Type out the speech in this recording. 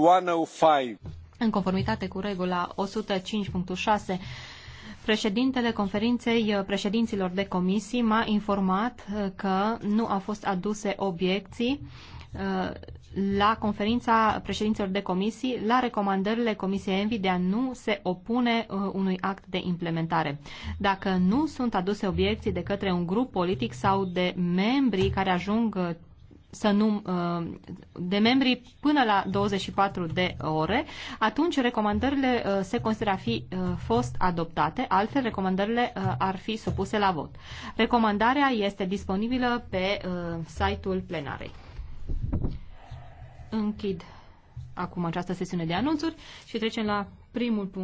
Oh În conformitate cu regula 105.6, președintele conferinței uh, președinților de comisii m-a informat uh, că nu au fost aduse obiecții uh, la conferința președinților de comisii la recomandările Comisiei Envi de a nu se opune unui act de implementare. Dacă nu sunt aduse obiecții de către un grup politic sau de membrii care ajung să num, uh, de membri până la 24 de ore, atunci recomandările uh, se consideră a fi uh, fost adoptate, altfel recomandările ar fi supuse la vot. Recomandarea este disponibilă pe site-ul plenarei. Închid acum această sesiune de anunțuri și trecem la primul punct.